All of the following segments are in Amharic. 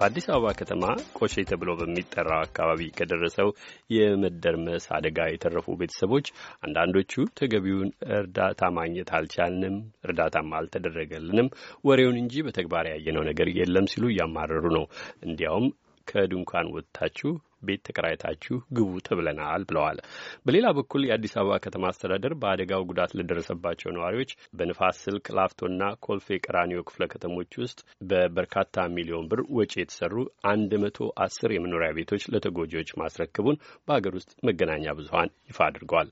በአዲስ አበባ ከተማ ቆሼ ተብሎ በሚጠራው አካባቢ ከደረሰው የመደርመስ አደጋ የተረፉ ቤተሰቦች አንዳንዶቹ ተገቢውን እርዳታ ማግኘት አልቻልንም፣ እርዳታም አልተደረገልንም፣ ወሬውን እንጂ በተግባር ያየነው ነገር የለም ሲሉ እያማረሩ ነው። እንዲያውም ከድንኳን ወጥታችሁ ቤት ተከራይታችሁ ግቡ ተብለናል ብለዋል። በሌላ በኩል የአዲስ አበባ ከተማ አስተዳደር በአደጋው ጉዳት ለደረሰባቸው ነዋሪዎች በንፋስ ስልክ ላፍቶና ኮልፌ ቀራኒዮ ክፍለ ከተሞች ውስጥ በበርካታ ሚሊዮን ብር ወጪ የተሰሩ አንድ መቶ አስር የመኖሪያ ቤቶች ለተጎጂዎች ማስረክቡን በሀገር ውስጥ መገናኛ ብዙኃን ይፋ አድርገዋል።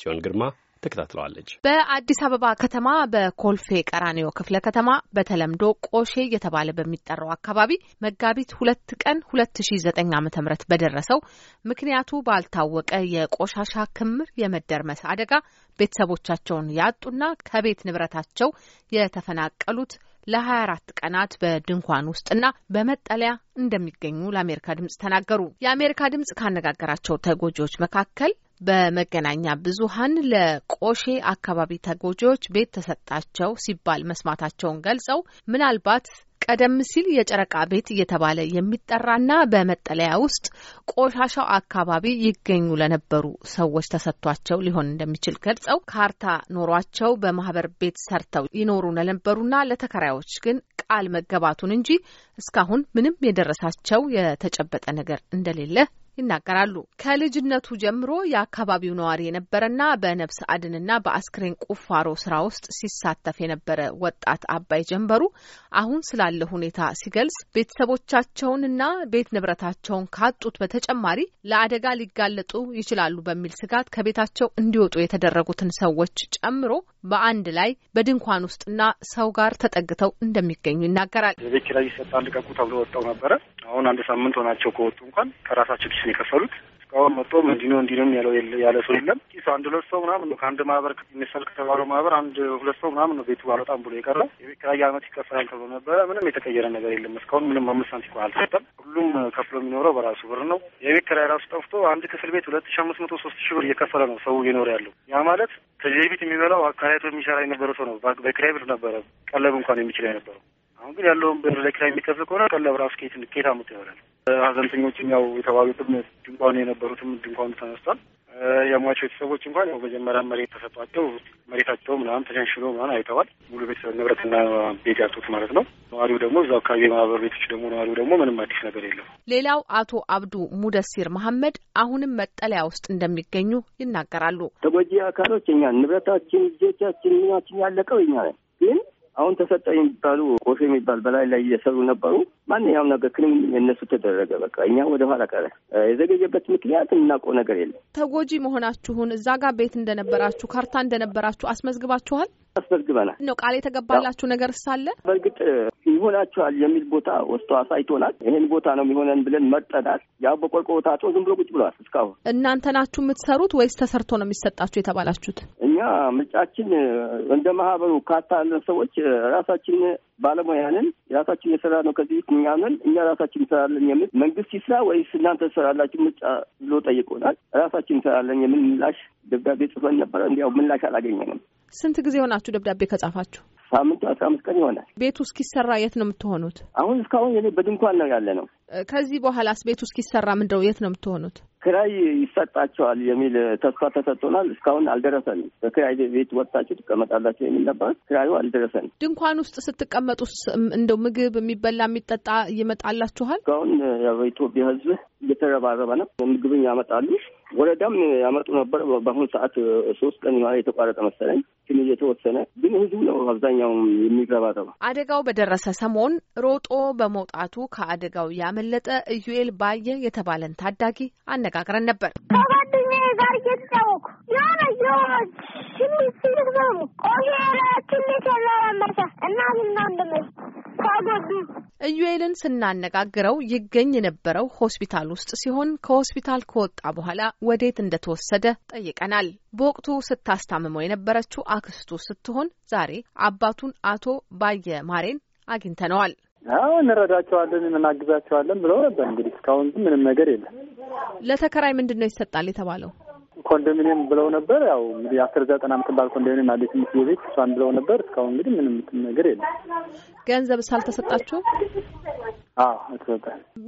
ሲዮን ግርማ ተከታትለዋለች። በአዲስ አበባ ከተማ በኮልፌ ቀራኒዮ ክፍለ ከተማ በተለምዶ ቆሼ እየተባለ በሚጠራው አካባቢ መጋቢት ሁለት ቀን ሁለት ሺ ዘጠኝ ዓመተ ምህረት በደረሰው ምክንያቱ ባልታወቀ የቆሻሻ ክምር የመደርመስ አደጋ ቤተሰቦቻቸውን ያጡና ከቤት ንብረታቸው የተፈናቀሉት ለ24 ቀናት በድንኳን ውስጥና በመጠለያ እንደሚገኙ ለአሜሪካ ድምጽ ተናገሩ። የአሜሪካ ድምጽ ካነጋገራቸው ተጎጂዎች መካከል በመገናኛ ብዙኃን ለቆሼ አካባቢ ተጎጂዎች ቤት ተሰጣቸው ሲባል መስማታቸውን ገልጸው ምናልባት ቀደም ሲል የጨረቃ ቤት እየተባለ የሚጠራና በመጠለያ ውስጥ ቆሻሻው አካባቢ ይገኙ ለነበሩ ሰዎች ተሰጥቷቸው ሊሆን እንደሚችል ገልጸው ካርታ ኖሯቸው በማህበር ቤት ሰርተው ይኖሩ ለነበሩና ለተከራዮች ግን ቃል መገባቱን እንጂ እስካሁን ምንም የደረሳቸው የተጨበጠ ነገር እንደሌለ ይናገራሉ። ከልጅነቱ ጀምሮ የአካባቢው ነዋሪ የነበረና በነፍስ አድንና በአስክሬን ቁፋሮ ስራ ውስጥ ሲሳተፍ የነበረ ወጣት አባይ ጀንበሩ አሁን ስላለ ሁኔታ ሲገልጽ ቤተሰቦቻቸውንና ቤት ንብረታቸውን ካጡት በተጨማሪ ለአደጋ ሊጋለጡ ይችላሉ በሚል ስጋት ከቤታቸው እንዲወጡ የተደረጉትን ሰዎች ጨምሮ በአንድ ላይ በድንኳን ውስጥና ሰው ጋር ተጠግተው እንደሚገኙ ይናገራል። የቤት ኪራይ ይሰጣል ልቀቁ ተብሎ ወጣው ነበረ። አሁን አንድ ሳምንት ሆናቸው ከወጡ እንኳን ከራሳቸው ኪስ ነው የከፈሉት። እስካሁን መጥቶ እንዲህ ነው እንዲህ ነው ያለው ያለ ሰው የለም። ኪስ አንድ ሁለት ሰው ምናምን ነው ከአንድ ማህበር የሚሰል ከተባለው ማህበር አንድ ሁለት ሰው ምናምን ነው ቤቱ ባለጣም ብሎ የቀረ የቤት ኪራይ አመት ይከፈላል ተብሎ ነበረ። ምንም የተቀየረ ነገር የለም። እስካሁን ምንም አምስት ሳንቲም አልሰጠም። ሁሉም ከፍሎ የሚኖረው በራሱ ብር ነው። የቤት ኪራይ ራሱ ጠፍቶ አንድ ክፍል ቤት ሁለት ሺ አምስት መቶ ሶስት ሺ ብር እየከፈለ ነው ሰው እየኖረ ያለው። ያ ማለት ከዚህ ቤት የሚበላው አካባቢ የሚሰራ የነበረ ሰው ነው። በኪራይ ብር ነበረ ቀለብ እንኳን የሚችል የነበረው። አሁን ግን ያለውን ብር ለኪራይ የሚከፍል ከሆነ ቀለብ ራሱ ኬት ኬት አምጥቶ ይሆናል። ሀዘንተኞችም ያው የተባሉትም ድንኳኑ የነበሩትም ድንኳኑ ተነስቷል። የሟቾች ቤተሰቦች እንኳን ያው መጀመሪያ መሬት ተሰጧቸው መሬታቸው ምናምን ተሸንሽኖ ምናምን አይተዋል። ሙሉ ቤተሰብ ንብረትና ቤት ያጡት ማለት ነው። ነዋሪው ደግሞ እዛው አካባቢ የማህበር ቤቶች ደግሞ ነዋሪው ደግሞ ምንም አዲስ ነገር የለም። ሌላው አቶ አብዱ ሙደሲር መሐመድ አሁንም መጠለያ ውስጥ እንደሚገኙ ይናገራሉ። ተጎጂ አካሎች እኛ ንብረታችን፣ ልጆቻችን፣ ምናችን ያለቀው እኛ ግን አሁን ተሰጠ የሚባሉ ቆሾ የሚባል በላይ ላይ እየሰሩ ነበሩ። ማንኛውም ነገር ክንም የነሱ ተደረገ። በቃ እኛ ወደ ኋላ ቀረ። የዘገየበት ምክንያት የምናውቀው ነገር የለም። ተጎጂ መሆናችሁን እዛ ጋር ቤት እንደነበራችሁ ካርታ እንደነበራችሁ አስመዝግባችኋል? አስመዝግበናል ነው ቃል የተገባላችሁ ነገር ሳለ በእርግጥ ይሆናችኋል የሚል ቦታ ወስቶ አሳይቶናል። ይህን ቦታ ነው የሚሆነን ብለን መጠናል። ያው በቆርቆታቸው ዝም ብሎ ቁጭ ብሏል እስካሁን። እናንተ ናችሁ የምትሰሩት ወይስ ተሰርቶ ነው የሚሰጣችሁ የተባላችሁት? ምርጫችን እንደ ማህበሩ ካታ ያለን ሰዎች ራሳችን ባለሙያንን ራሳችን የሰራ ነው። ከዚህ ፊት እኛ እኛ ራሳችን እንሰራለን የምል መንግስት ይስራ ወይስ እናንተ ትሰራላችሁ ምርጫ ብሎ ጠይቆናል። ራሳችን እንሰራለን የምል ምላሽ ደብዳቤ ጽፈን ነበረ። እንዲያው ምላሽ አላገኘንም። ስንት ጊዜ ሆናችሁ ደብዳቤ ከጻፋችሁ? ሳምንቱ አስራ አምስት ቀን ይሆናል። ቤቱ እስኪሰራ የት ነው የምትሆኑት? አሁን እስካሁን በድንኳን ነው ያለ ነው። ከዚህ በኋላስ ቤቱ እስኪሰራ ምንድነው የት ነው የምትሆኑት? ክራይ ይሰጣቸዋል የሚል ተስፋ ተሰጥቶናል። እስካሁን አልደረሰንም። በክራይ ቤት ወጥታችሁ ትቀመጣላችሁ የሚል ነበር። ክራዩ አልደረሰንም። ድንኳን ውስጥ ስትቀመጡ እንደው ምግብ የሚበላ የሚጠጣ ይመጣላችኋል? እስካሁን ያው በኢትዮጵያ ሕዝብ እየተረባረበ ነው። ምግብን ያመጣሉ። ወረዳም ያመጡ ነበር። በአሁኑ ሰዓት ሶስት ቀን ያህል የተቋረጠ መሰለኝ፣ ግን እየተወሰነ ግን ህዝቡ ነው አብዛኛው የሚረባረበ። አደጋው በደረሰ ሰሞን ሮጦ በመውጣቱ ከአደጋው ያመለጠ እዩኤል ባየ የተባለን ታዳጊ አነጋግረን ነበር። ከጓደኛዬ ጋር እየተጫወኩ የሆነ ቆየ ችሌት ያዘራመሰ እና ዝና እዩኤልን ስናነጋግረው ይገኝ የነበረው ሆስፒታል ውስጥ ሲሆን ከሆስፒታል ከወጣ በኋላ ወዴት እንደተወሰደ ጠይቀናል። በወቅቱ ስታስታምመው የነበረችው አክስቱ ስትሆን ዛሬ አባቱን አቶ ባየ ማሬን አግኝተነዋል። አዎ እንረዳቸዋለን፣ እናግዛቸዋለን ብለው ነበር። እንግዲህ እስካሁን ምንም ነገር የለም። ለተከራይ ምንድን ነው ይሰጣል የተባለው? ኮንዶሚኒየም ብለው ነበር። ያው እንግዲህ አስር ዘጠና የምትባል ኮንዶሚኒየም አለች ትንሽ ቤት እሷን ብለው ነበር። እስካሁን እንግዲህ ምንም ነገር የለም። ገንዘብ ሳልተሰጣችሁ? አዎ ተሰጠ።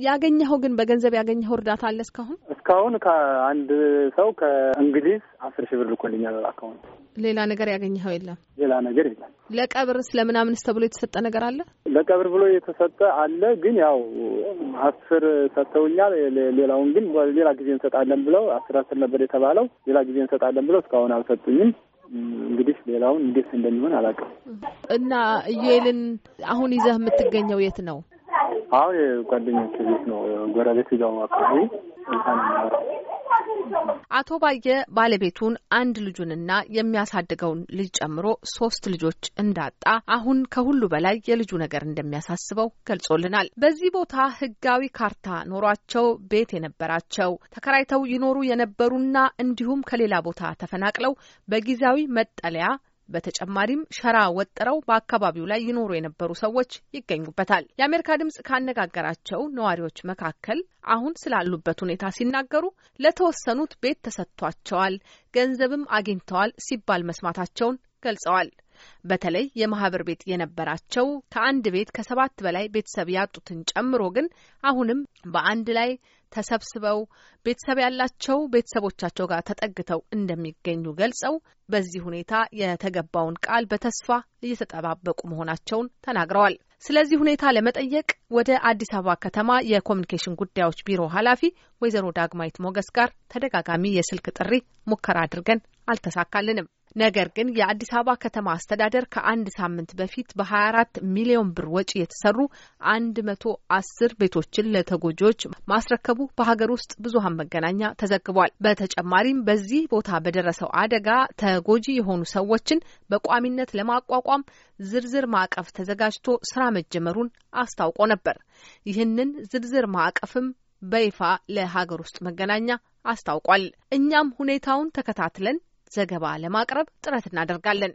ያገኘኸው ግን በገንዘብ ያገኘኸው እርዳታ አለ እስካሁን? እስካሁን ከአንድ ሰው ከእንግሊዝ አስር ሺህ ብር ልኮልኛል በአካውንት። ሌላ ነገር ያገኘኸው የለም? ሌላ ነገር የለም። ለቀብርስ ስለምናምንስ ተብሎ የተሰጠ ነገር አለ? ለቀብር ብሎ የተሰጠ አለ። ግን ያው አስር ሰጥተውኛል። ሌላውን ግን ሌላ ጊዜ እንሰጣለን ብለው አስር አስር ነበር የተባለው። ሌላ ጊዜ እንሰጣለን ብለው እስካሁን አልሰጡኝም። እንግዲህ ሌላውን እንዴት እንደሚሆን አላውቅም። እና ኢዩኤልን አሁን ይዘህ የምትገኘው የት ነው? አሁን ጓደኞች ቤት ነው፣ ጎረቤት ዛው አካባቢ አቶ ባየ ባለቤቱን አንድ ልጁንና የሚያሳድገውን ልጅ ጨምሮ ሶስት ልጆች እንዳጣ አሁን ከሁሉ በላይ የልጁ ነገር እንደሚያሳስበው ገልጾልናል። በዚህ ቦታ ህጋዊ ካርታ ኖሯቸው ቤት የነበራቸው ተከራይተው ይኖሩ የነበሩና እንዲሁም ከሌላ ቦታ ተፈናቅለው በጊዜያዊ መጠለያ በተጨማሪም ሸራ ወጥረው በአካባቢው ላይ ይኖሩ የነበሩ ሰዎች ይገኙበታል። የአሜሪካ ድምጽ ካነጋገራቸው ነዋሪዎች መካከል አሁን ስላሉበት ሁኔታ ሲናገሩ ለተወሰኑት ቤት ተሰጥቷቸዋል፣ ገንዘብም አግኝተዋል ሲባል መስማታቸውን ገልጸዋል። በተለይ የማህበር ቤት የነበራቸው ከአንድ ቤት ከሰባት በላይ ቤተሰብ ያጡትን ጨምሮ ግን አሁንም በአንድ ላይ ተሰብስበው ቤተሰብ ያላቸው ቤተሰቦቻቸው ጋር ተጠግተው እንደሚገኙ ገልጸው በዚህ ሁኔታ የተገባውን ቃል በተስፋ እየተጠባበቁ መሆናቸውን ተናግረዋል። ስለዚህ ሁኔታ ለመጠየቅ ወደ አዲስ አበባ ከተማ የኮሚኒኬሽን ጉዳዮች ቢሮ ኃላፊ ወይዘሮ ዳግማዊት ሞገስ ጋር ተደጋጋሚ የስልክ ጥሪ ሙከራ አድርገን አልተሳካልንም። ነገር ግን የአዲስ አበባ ከተማ አስተዳደር ከአንድ ሳምንት በፊት በ24 ሚሊዮን ብር ወጪ የተሰሩ 110 ቤቶችን ለተጎጂዎች ማስረከቡ በሀገር ውስጥ ብዙሀን መገናኛ ተዘግቧል። በተጨማሪም በዚህ ቦታ በደረሰው አደጋ ተጎጂ የሆኑ ሰዎችን በቋሚነት ለማቋቋም ዝርዝር ማዕቀፍ ተዘጋጅቶ ስራ መጀመሩን አስታውቆ ነበር። ይህንን ዝርዝር ማዕቀፍም በይፋ ለሀገር ውስጥ መገናኛ አስታውቋል። እኛም ሁኔታውን ተከታትለን ዘገባ ለማቅረብ ጥረት እናደርጋለን።